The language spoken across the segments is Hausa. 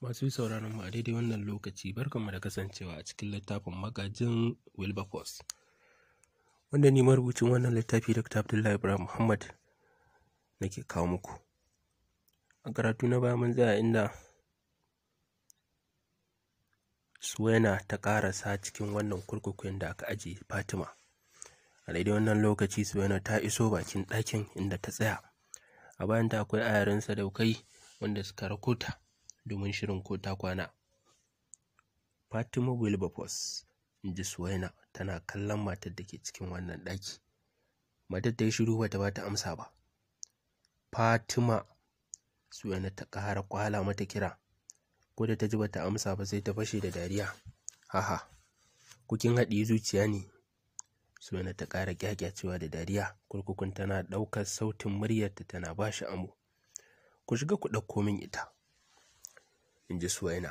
Masu sauraron mu a daidai wannan lokaci barkanmu da kasancewa a cikin littafin magajin Wilberforce. Wanda ne marubucin wannan littafi Dr. Abdullahi Ibrahim Muhammad ke kawo muku. A karatu na baya mun tsaya inda yana ta karasa cikin wannan kurkukun da aka ajiye Fatima. A daidai wannan lokaci Suwaina ta iso bakin ɗakin inda ta tsaya. A bayan ta akwai ayarinsa daukai wanda suka rakota. domin shirin ko ta kwana. Fatima Wilberforce in ji Suwaina tana kallon matar da ke cikin wannan ɗaki. Matar ta yi shiru bata ba ta amsa ba. Fatima Suwaina ta ƙara kwala mata kira. Ko da ta ji bata amsa ba sai ta fashe da dariya. Haha, kukin haɗi zuciya ne. Suwaina ta ƙara kyakyacewa da dariya. Kurkukun tana ɗaukar sautin muryarta tana ba shi amo. Ku shiga ku ɗauko min ita. in ji suwaina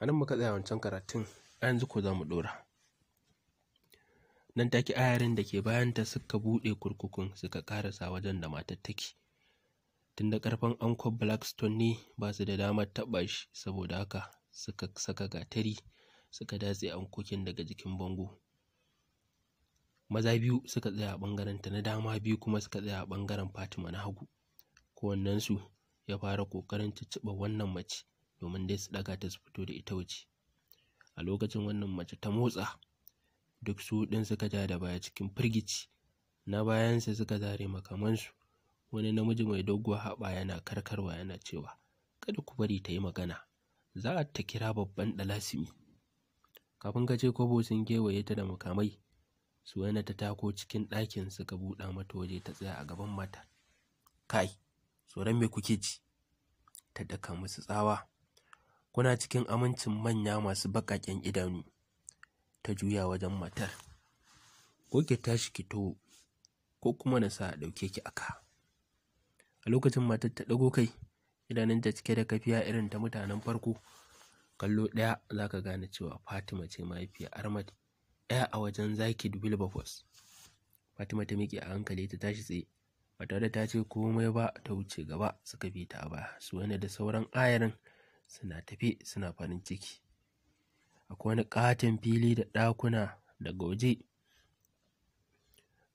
a nan muka tsaya wancan karatun a yanzu ko za mu ɗora nan take ayarin da ke bayanta suka buɗe kurkukun suka ƙarasa wajen da matar take tun da ƙarfin anko blackstone ne ba su da damar taɓa shi saboda haka suka saka gatari suka datse ankokin daga jikin bango maza biyu suka tsaya a ɓangaren ta na dama biyu kuma suka tsaya a ɓangaren fatima na hagu kowannensu ya fara ƙoƙarin cicciɓa wannan mace domin dai su daga ta su fito da ita waje a lokacin wannan mace ta motsa duk su ɗin suka ja da baya cikin firgici na bayansa suka zare makamansu wani namiji mai doguwa haɓa yana karkarwa yana cewa kada ku bari ta yi magana za ta kira babban ɗalasimi kafin ka ce kwabo sun kewaye ta da makamai suwaina ta tako cikin ɗakin suka buɗa mata waje ta tsaya a gaban mata kai tsoron me kuke ci ta daka musu tsawa Kuna cikin amincin manya masu baƙaƙen idanu, ta juya wajen matar. Ko ki tashi ki to, ko kuma na sa ɗauke ki aka. A lokacin matar ta ɗago kai, idanunta cike da kafiya irin ta mutanen farko. Kallo ɗaya za ka gane cewa Fatima ce mahaifiyar Armad, ɗaya a wajen zaki Wilberforce. Fatima ta miƙe a hankali ta tashi tsaye, ba da ta ce komai ba ta wuce gaba suka bi ta ba, su wani da sauran ayarin suna tafe suna farin ciki akwai wani katon fili da ɗakuna daga waje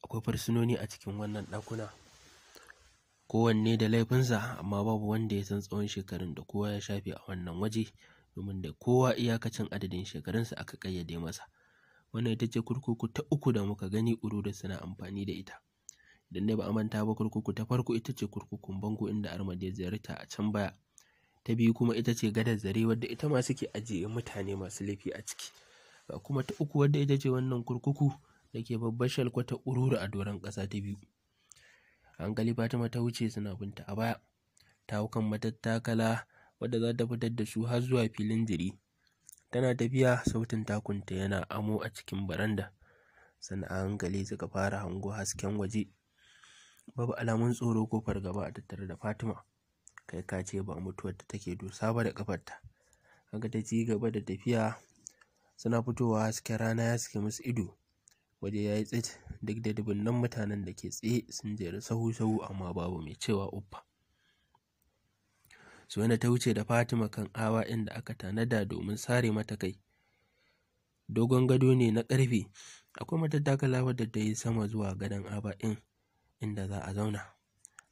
akwai farsunoni a cikin wannan ɗakuna kowanne da laifinsa amma babu wanda ya san tsawon shekarun da kowa ya shafe a wannan waje domin da kowa iyakacin adadin shekarunsa aka ƙayyade masa wannan ita ce kurkuku ta uku da muka gani uru da suna amfani da ita idan dai ba a manta ba kurkuku ta farko ita ce kurkukun bango inda armade ya ziyarta a can baya ta biyu kuma ita ce gadar zare wadda ita ma suke ajiye mutane masu laifi a ciki ga kuma ta uku wadda ita ce wannan kurkuku da ke babbar shalkwata ururu a doron ƙasa ta biyu hankali fatima ta wuce suna binta a baya ta hau matattakala wadda za ta fitar da su har zuwa filin jiri tana tafiya sautin takunta yana amo a cikin baranda Sana'a a hankali suka fara hango hasken waje babu alamun tsoro ko fargaba a tattare da fatima kai ka ce ba mutuwar da take dusa ba da ƙafarta kaga ta ci gaba da tafiya suna fitowa hasken rana ya sake musu ido waje ya yi tsit duk da dubunnan mutanen da ke tsaye sun jeru sahu-sahu amma babu mai cewa uffa suwaina ta wuce da fatima kan awa inda aka tanada domin sare mata kai dogon gado ne na ƙarfe akwai matattakala wadda ta yi sama zuwa gadon aba inda za a zauna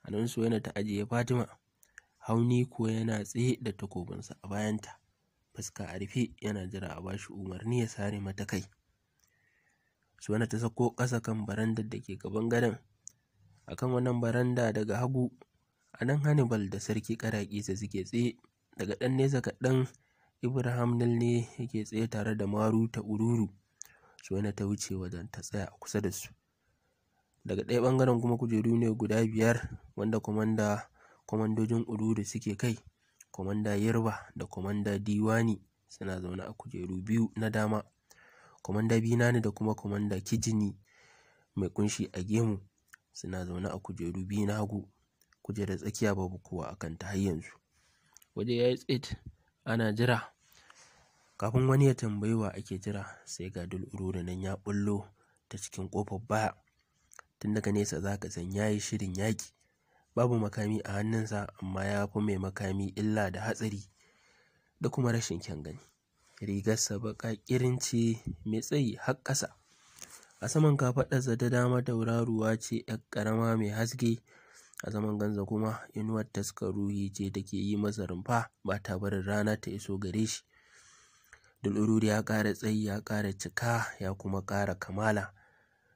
Anan nan ta ajiye fatima hauni ko yana tsaye da takobinsa a bayanta fuska a rufe yana jira a bashi umarni ya sare mata kai suwana ta sako ƙasa kan barandar da ke gaban gadon a kan wannan baranda daga hagu a nan hannibal da sarki sa suke tsaye daga ɗan nesa kaɗan ibrahim nil ne yake tsaye tare da maru ta ururu suwana ta wuce wajen ta tsaya a kusa da su daga ɗaya ɓangaren kuma kujeru ne guda biyar wanda kwamanda Kwamandojin Odo da suke kai, Kwamanda yarba da Kwamanda Diwani suna zaune a kujeru biyu na dama. Kwamanda Binani da kuma Kwamanda Kijini mai kunshi a gemu suna zaune a kujeru biyu na hagu. Kujerar tsakiya babu kowa a kan har yanzu. Waje ya yi tsit ana jira. Kafin wani ya tambayi wa ake jira sai ga dul'uru da nan ya bullo ta cikin ƙofar baya. Tun daga nesa za ka san yayi shirin yaƙi. babu makami a hannunsa amma ya fi mai makami illa da hatsari da kuma rashin kyan gani rigarsa baƙa ƙirin ce mai tsayi har ƙasa a saman kafaɗarsa ta dama tauraruwa ce ‘yar ƙarama mai haske a zaman ganza kuma inuwar taskar ruhi ce take yi masa rumfa ba ta barin rana ta iso gare shi dulururi ya ƙara tsayi ya ƙara cika ya kuma ƙara kamala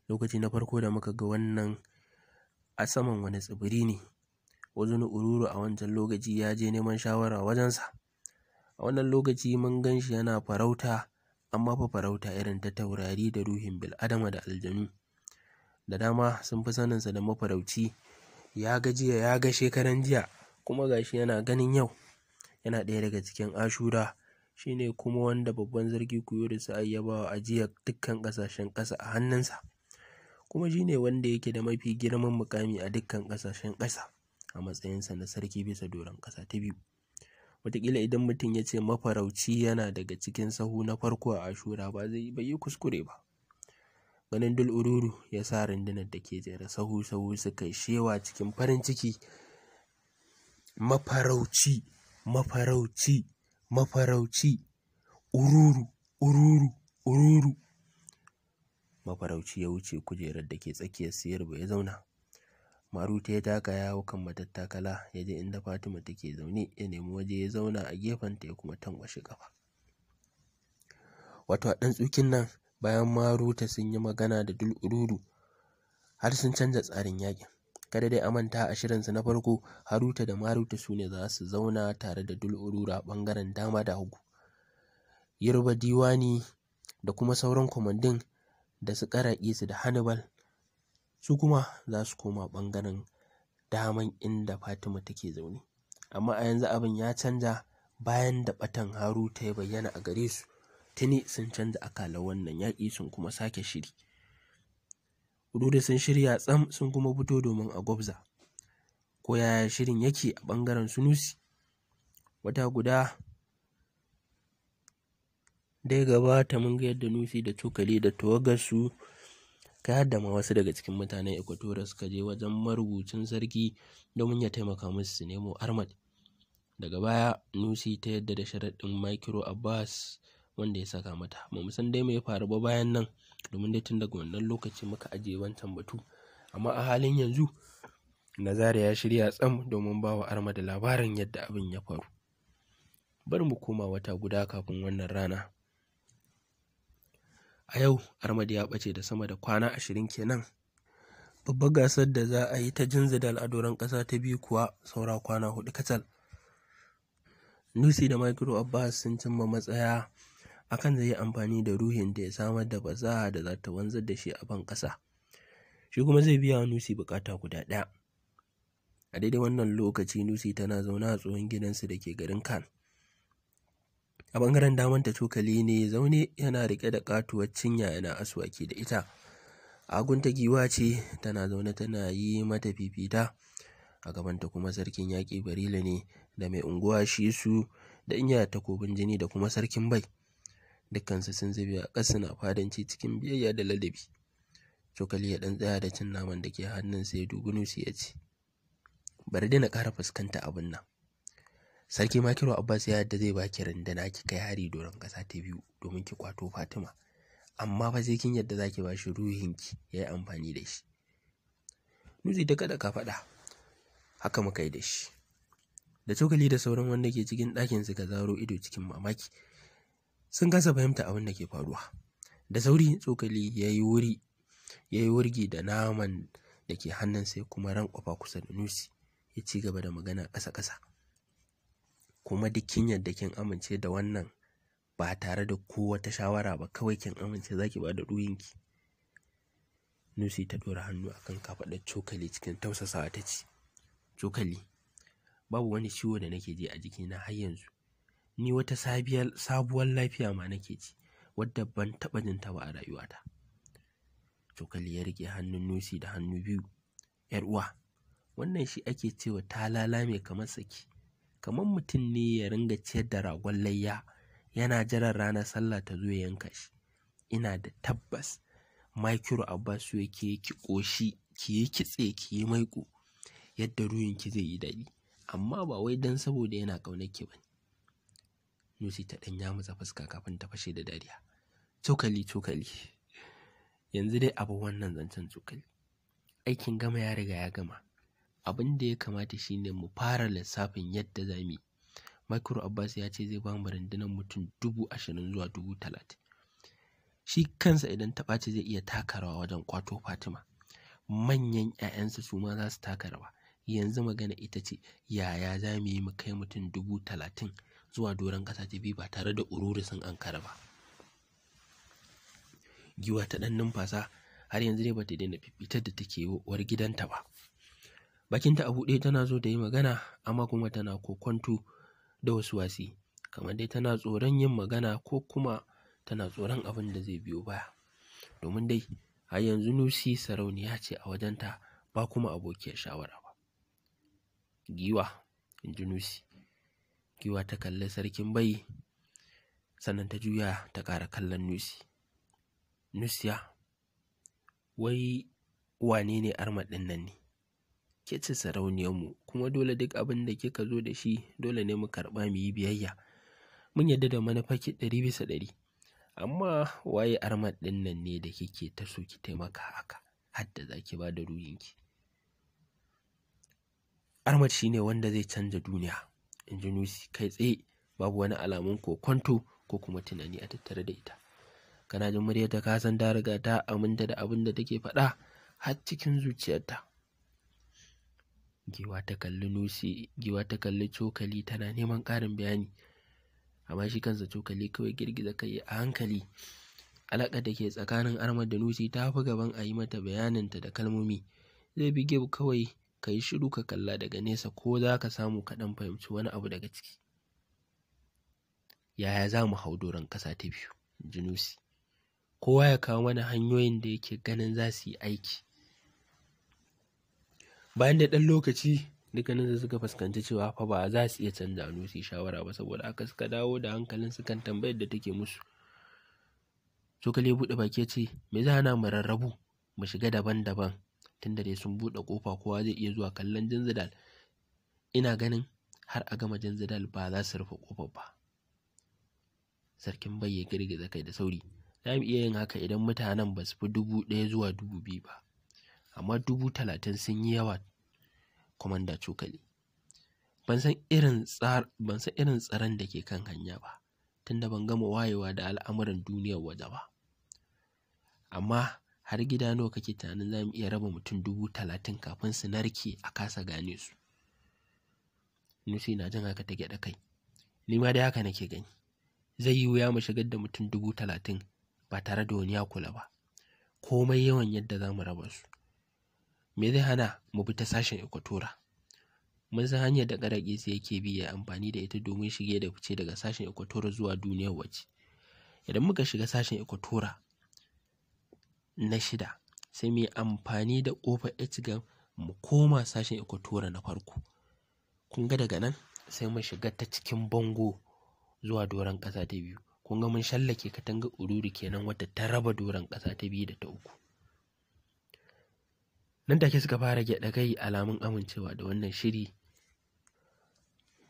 lokaci na farko da muka ga wannan a saman wani tsibiri ne Waziri Ururu a wancan lokaci ya je neman shawara wajensa. A wannan lokaci mun gan shi yana farauta amma fa farauta irin ta taurari da ruhin bil'adama da aljanu. Da dama sun fi saninsa da mafarauci ya gajiya jiya ya ga shekaran jiya kuma gashi yana ganin yau yana ɗaya daga cikin ashura shine kuma wanda babban zargi kuyo da Sa'ai ya bawa ajiya dukkan ƙasashen ƙasa a hannunsa kuma shine wanda yake da mafi girman mukami a dukkan ƙasashen ƙasa. a matsayinsa na sarki bisa doron ƙasa ta biyu wataƙila idan mutum ya ce mafarauci yana daga cikin sahu na farko a ashura ba zai bai yi kuskure ba ganin dul ururu ya sa rundunar da ke jere sahu sahu suka shewa cikin farin ciki mafarauci mafarauci mafarauci ururu ururu ururu mafarauci ya wuce kujerar da ke tsakiyar siyarwa ya zauna Maruta ya taka ya hau kan matattakala ya je inda Fatima take zaune ya nemi waje ya zauna a gefenta ya kuma tankwashe ƙafa. Wato a ɗan tsukin nan bayan Maruta sun yi magana da dul’ururu, har sun canza tsarin yakin. Kada dai a manta a shirinsu na farko Haruta da Maruta su ne za su zauna tare da Dul'ururu a ɓangaren dama da hagu. Yoruba Diwani da kuma sauran kwamandin da su ƙaraƙe su da Hannibal su kuma za su koma ɓangaren daman inda Fatima take zaune. Amma a yanzu abin ya canza bayan da ɓatan ta yi bayyana a gare su, tuni sun canza akala wannan yaƙi sun kuma sake shiri. da sun shirya tsam sun kuma fito domin a gwabza. Ko yaya shirin yake a ɓangaren Sunusi? Wata guda dai gabata mun ga yadda Nusi da cokali da su. Ka yadda ma wasu daga cikin mutanen Ecuador suka je wajen marubucin sarki domin ya taimaka musu su nemo Ahmad. Daga baya Nusi ta yadda da sharaɗin Micro Abbas wanda ya saka mata. Ba mu san dai me ya faru ba bayan nan domin dai tun daga wannan lokaci muka ajiye wancan batu. Amma a halin yanzu Nazari ya shirya tsam domin ba wa Arma labarin yadda abin ya faru. Bar mu koma wata guda kafin wannan rana. a yau Ahmad ya ɓace da sama da kwana ashirin kenan babbar gasar da za a yi ta jinzidal a doron ƙasa ta biyu kuwa saura kwana hudu kacal nusi da micro abbas sun cimma matsaya akan zai yi amfani da ruhin da ya samar da bazaha da za ta wanzar da shi a ban ƙasa shi kuma zai biya nusi bukata guda ɗaya a daidai wannan lokaci nusi tana zaune a tsohon gidansu da ke garin kan a daman damanta cokali ne zaune yana rike da katuwar cinya yana aswaki da ita agunta giwa ce tana zaune tana yi mata fifita a gabanta kuma sarkin yaƙi barila ne da mai unguwa shi su da inya takobin jini da kuma sarkin bai dukkansu sun zube a ƙasa na fadanci cikin biyayya da ladabi cokali ya ɗan tsaya da cin naman da ke hannun sai dugunus ya ce bari dai na ƙara fuskanta abin nan sarki ma kiro abbas ya yadda zai baki rindana ki kai hari doron kasa ta biyu domin ki kwato fatima amma fa sai kin yadda zaki shi ruhinki ya yi amfani da shi nuzi da kada ka faɗa haka muka yi da shi da cokali da sauran wanda ke cikin ɗakin suka zaro ido cikin mamaki sun kasa fahimta abin da ke faruwa da sauri tsokali ya yi wuri ya wurgi da naman da ke hannun sai kuma ran kwafa kusa da nusi ya ci gaba da magana ƙasa-ƙasa kuma duk kin yadda kin amince da wannan ba tare da ko wata shawara ba kawai kin amince zaki ba da ki. Nusi ta ɗora hannu akan kafaɗar cokali cikin tausasawa ta ce cokali babu wani ciwo da nake ji a jiki na har yanzu ni wata sabuwar lafiya ma nake ji wadda ban taɓa jin ta ba a rayuwata cokali ya rike hannun Nusi da hannu biyu ‘yar uwa wannan shi ake cewa talala mai kamar tsaki. kamar mutum ne ya ringa ciyar da ragon layya yana jiran ranar sallah ta zo ya yanka shi ina da tabbas makiru abbasu yake ki koshi ki yi kitse ki yi maiƙo yadda ki zai yi daɗi amma ba wai dan saboda yana ƙaunar ki bane Lucy ta ɗan yamutsa fuska kafin ta fashe da dariya cokali cokali yanzu dai abu wannan zancen cokali aikin gama ya riga ya gama abin da ya kamata shine mu fara lissafin yadda za mu yi micro abbas ya ce zai ba mu rundunar mutum dubu ashirin zuwa dubu talatin shi kansa idan ta ɓaci zai iya taka rawa wajen kwato fatima manyan 'ya'yansa su ma za su taka rawa yanzu magana ita ce yaya za mu yi mu kai mutum dubu talatin zuwa doron ƙasa ta biyu ba tare da ururi sun ankara ba giwa ta ɗan numfasa har yanzu dai ta daina fitar da take uwar gidanta ba bakinta a buɗe tana zo da yi magana amma kuma tana kokwanto da wasu wasi kamar dai tana tsoron yin magana ko kuma tana tsoron abin da zai biyo baya domin dai har yanzu nusi sarauniya ce a wajenta ba kuma abokiyar shawara ba giwa in ji nusi giwa ta kalli sarkin bai sannan ta juya ta ƙara kallon nusi nusiya wai wane ne armaɗin nan ne ke sarauniyar mu kuma dole duk abin da kika zo da shi dole ne mu karba mu yi biyayya mun yarda da manufa ki ɗari bisa ɗari amma waye armar ɗin nan ne da kike ta so ki taimaka haka hadda za ki ba da ruhinki armar ne wanda zai canza duniya in ji nusi kai tsaye babu wani alamun kokonto ko kuma tunani a tattare da ita kana jin muryarta ka san da riga ta aminta da abin da take faɗa har cikin zuciyarta giwa ta kalli cokali tana neman ƙarin bayani amma shi kansa cokali kawai girgiza kai a hankali alaƙa da ke tsakanin armar da nusi ta fi gaban a yi mata bayaninta da kalmomi zai bi gib kawai ka yi shiru ka kalla daga nesa ko za ka samu kaɗan fahimci wani abu daga ciki yaya za mu hau doron ƙasa ta biyu jinusi kowa ya kawo mana hanyoyin da yake ganin za su yi aiki bayan da ɗan lokaci dukkanin suka fuskanci cewa fa ba za su iya canza hannu su shawara ba saboda haka suka dawo da hankalin su kan tambayar da take musu cokali ya buɗe baki ya ce me za ana mu rarrabu mu shiga daban-daban tunda dai sun buɗe ƙofa kowa zai iya zuwa kallon jinzidal ina ganin har a gama jinzidal ba za su rufe ƙofar ba sarkin bai ya girgiza kai da sauri za mu iya yin haka idan mutanen ba su fi dubu ɗaya zuwa dubu biyu ba amma dubu talatin sun yi yawa kwamanda cokali ban san irin tsaron da ke kan hanya ba tunda ban gama wayewa da al'amuran duniyar waje ba amma har gida nawa kake tunanin za mu iya raba mutum dubu talatin kafin su narke a kasa gane su nufi na jin haka ta gyaɗa kai ni ma dai haka nake gani zai yi wuya mu shigar da mutum dubu talatin ba tare da wani ya kula ba komai yawan yadda za mu raba su me zai hana mu bi ta sashen ekwatora mun san hanyar da ƙaraƙisi yake bi ya amfani da ita domin shige da fice daga sashen ekwatora zuwa duniyar waje idan muka shiga sashen ekwatora na shida sai mu yi amfani da kofar etigan mu koma sashen ekwatora na farko kun ga daga nan sai mu shiga ta cikin bango zuwa doron ƙasa ta biyu kun ga mun shallake katangar ururu kenan wata ta raba doron ƙasa ta biyu da ta uku nan take suka fara gyaɗa kai alamun amincewa da wannan shiri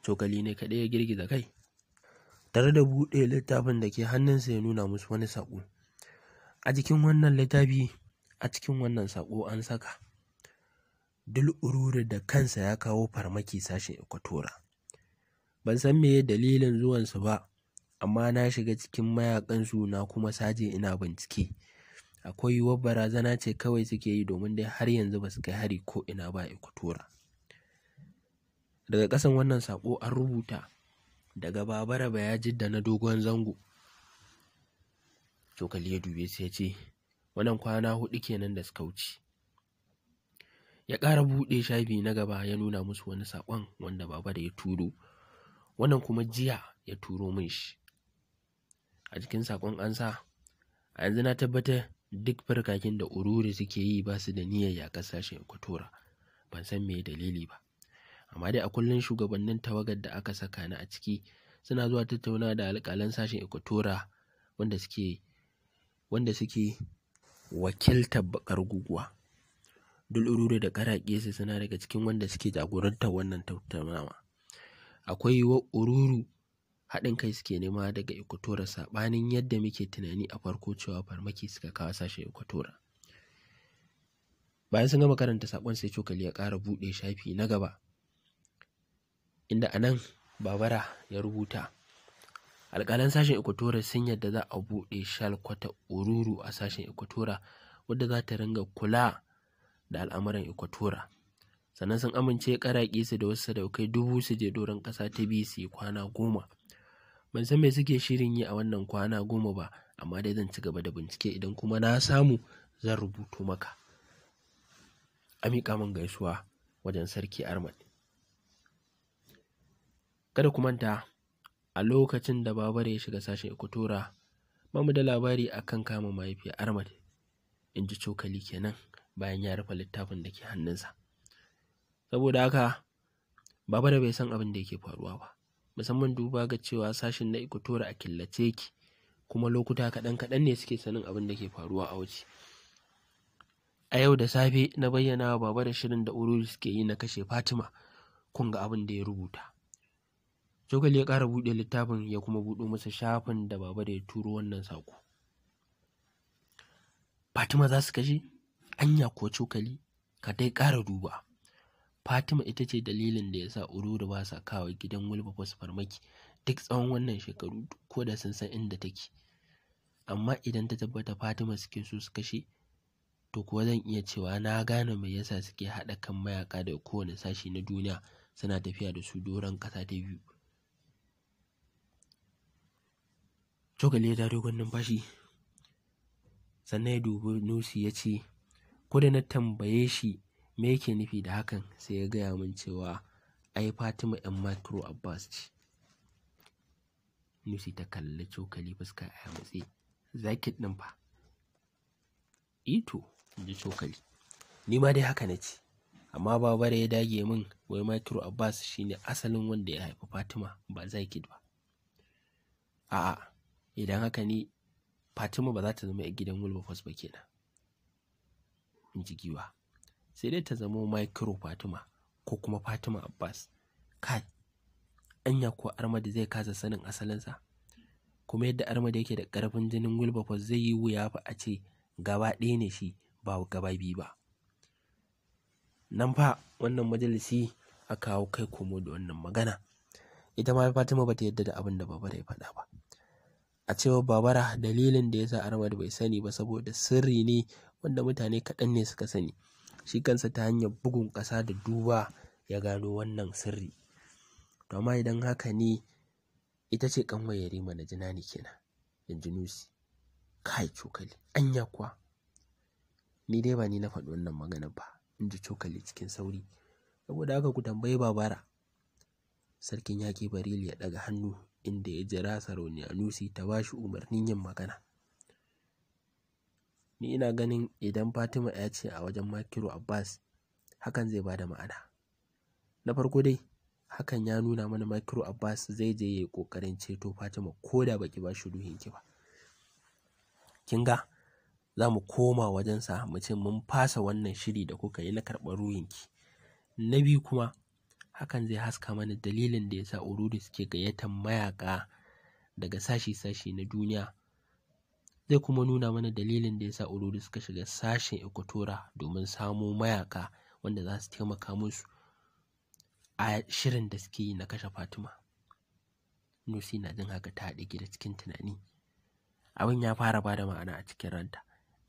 cokali ne kaɗai ya girgiza kai tare da buɗe littafin da ke hannunsa ya nuna musu wani saƙo a jikin wannan littafi a cikin wannan saƙo an saka Duk ururi da kansa ya kawo farmaki sashen ekwatora ban san meye dalilin zuwansu ba amma na shiga cikin mayakan suna kuma saje ina bincike akwai yiwuwar barazana ce kawai suke yi domin dai har yanzu ba su kai hari ko ina ba kutura. Daga ƙasan wannan sako an rubuta daga Babara jidda na dogon zango. Cokali ya dube sai ya ce wannan kwana huɗu kenan da suka wuce. Ya ƙara buɗe shafi na gaba ya nuna musu wani saƙon wanda Babara ya turo. Wannan kuma jiya ya turo mun shi. A cikin saƙon an sa a yanzu na tabbatar duk farkakin da ururi suke yi ba su da niyyar ya sashen ekwatora ban san me dalili ba amma dai a kullum shugabannin tawagar da aka saka ni a ciki suna zuwa tattauna da alƙalan sashen ekwatora wanda suke wanda suke wakiltar bakar guguwa ururi da karaƙe su suna daga cikin wanda suke jagorantar wannan tattaunawa akwai yiwuwar ururu haɗin kai suke nema daga Equatorial saɓanin yadda muke tunani a farko cewa farmaki suka kawo sashen Equatorial. Bayan sun gama karanta saƙon sai cokali ya ƙara buɗe shafi na gaba, inda a nan Babara ya rubuta. Alƙalan sashen Equatorial sun yadda za a buɗe shalkwata ururu a sashen Equatorial wadda za ta ringa kula da al'amuran Equatorial. sannan sun amince karaƙi su da wasu sadaukai dubu su je doron ƙasa ta biyu su yi kwana goma ban san me suke shirin yi a wannan kwana goma ba amma dai zan ci gaba da bincike idan kuma na samu zan rubuto maka a miƙa min gaisuwa wajen sarki armad kada ku manta a lokacin da Babara ya shiga sashen ekutora mamu da labari akan kama mahaifiyar armad in ji cokali kenan bayan ya rufe littafin da ke hannunsa saboda haka Babara bai san abin da yake faruwa ba musamman duba ga cewa sashin na ikotora a killace yake kuma lokuta kaɗan kaɗan ne suke sanin abin da ke faruwa a waje. A yau da safe na bayyana wa baba da shirin da ururi suke yi na kashe Fatima kun ga abin da ya rubuta. Jogal ya ƙara buɗe littafin ya kuma buɗo masa shafin da baba da ya turo wannan saƙo. Fatima za su kashe? Anya ko cokali? Ka dai ƙara duba. Fatima ita ce dalilin da ya sa Ururu ba sa kawo gidan Wilberforce farmaki duk tsawon wannan shekaru ko da sun san inda take. Amma idan ta tabbata Fatima suke so su kashe, to kuwa zan iya cewa na gane mai yasa suke haɗa kan mayaka da kowane sashi na duniya suna tafiya da su doron ƙasa ta biyu. cokali ya ja dogon fashi, sannan ya dubi Nusi ya ce, ko da na tambaye shi me yake nufi da hakan sai ya gaya min cewa ai Fatima ƴan micro Abbas ce. Lucy ta kalli cokali fuska a yamutse zaki din fa. Ito e ji cokali. Ni ma dai haka nace ce amma babare ya dage min wai micro Abbas shine asalin wanda ya haifi Fatima ba zaki ba. A'a idan haka ni Fatima ba za ta zama a gidan Wilberforce ba kenan. In ji giwa. sai dai ta zamo micro fatima ko kuma fatima abbas kai anya ko armadi zai kasa sanin asalinsa kuma yadda armadi yake da karfin jinin wilberforce zai yi wuya fa a ce gaba ɗaya ne shi ba gaba biyu ba nan fa wannan majalisi a kawo kai komo da wannan magana ita ma fatima bata yadda da abin da babara ya faɗa ba a cewar babara dalilin da ya sa armadi bai sani ba saboda sirri ne wanda mutane kaɗan ne suka sani shi kansa ta hanyar bugun ƙasa da duba ya gano wannan sirri to amma idan haka ne ita ce ƙanwar Yarima na ne kenan yanzu Nusi kai cokali anya kuwa ni dai ba ni na faɗi wannan magana ba in ji cokali cikin sauri saboda haka ku tambayi babara sarkin yaƙi barili ya ɗaga hannu inda ya jira sarauniya Nusi ta ba shi umarnin yin magana Ni ina ganin idan Fatima ya ce a wajen Makiru Abbas hakan zai bada ma'ana. Na farko dai hakan ya nuna mana Makiru Abbas zai je yayi ƙoƙarin ceto Fatima ko da baki ba shi ruhinki ba. Kin ga za mu koma wajensa mu ce mun fasa wannan shiri da kuka yi na karɓar ruhinki. Na biyu kuma hakan zai haska mana dalilin da ya sa Urdu suke gayyatar mayaka daga sashi-sashi na duniya zai kuma nuna mana dalilin da ya sa ururu suka shiga sashen Ekotora domin samo mayaka wanda za su taimaka musu a shirin da suke yi na kashe Fatima. Nusi na jin haka ta haɗe gida cikin tunani. Abin ya fara ba da ma'ana a cikin ranta.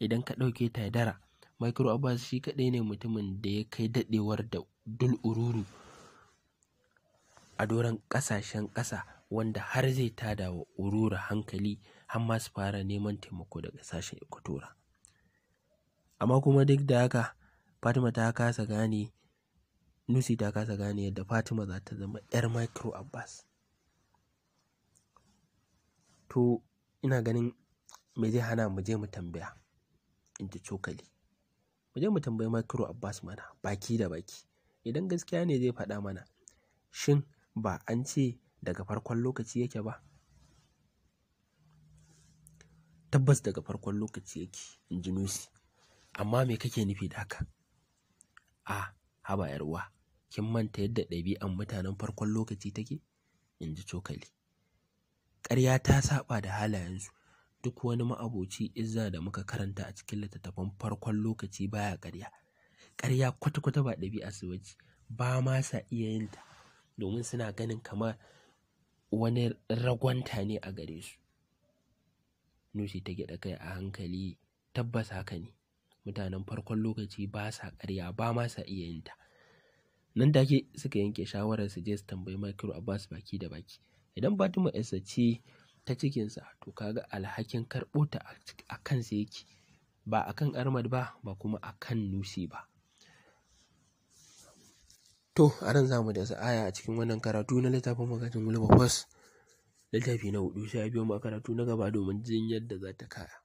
Idan ka ɗauke ta dara, Micro Abbas shi kaɗai ne mutumin da ya kai daɗewar da dul ururu a doron ƙasashen ƙasa wanda har zai tada wa ururu hankali har ma su fara neman taimako daga sashen ikotora Amma kuma duk da haka Fatima ta kasa gane Nusi ta kasa gane yadda Fatima za ta zama 'yar Micro Abbas. To ina ganin me zai hana mu je mu tambaya in ta cokali. Mu je mu tambayi Micro Abbas mana baki da baki. Idan gaskiya ne zai faɗa mana shin ba an ce daga farkon lokaci yake ba? tabbas daga farkon lokaci yake in ji nusi amma me kake nufi da haka a haba uwa, kin manta yadda ɗabi'an mutanen farkon lokaci take in ji cokali ƙarya ta saba da halayensu duk wani ma'aboci izza da muka karanta a cikin littattafan farkon lokaci baya ƙarya ƙarya kwata-kwata ba ɗabi'a su waje, ba ma sa iya yin ta domin suna ganin kamar wani ragwanta ne a gare su Nusi ta gyaɗa kai a hankali tabbas haka ne. Mutanen farkon lokaci ba sa ƙarya ba ma sa iya yin ta. Nan take suka yanke shawarar su je su tambayi Makiru Abbas baki da baki. Idan Fatima Isa ce ta cikinsa to kaga alhakin karɓo ta a kansa yake ba a kan Ahmad ba ba kuma a kan Nusi ba. To, a ran za mu da sa'aya a cikin wannan karatu na littafin magajin Wilberforce. Littafi na hudu, sha a biyo na gaba domin jin yadda za ta kara.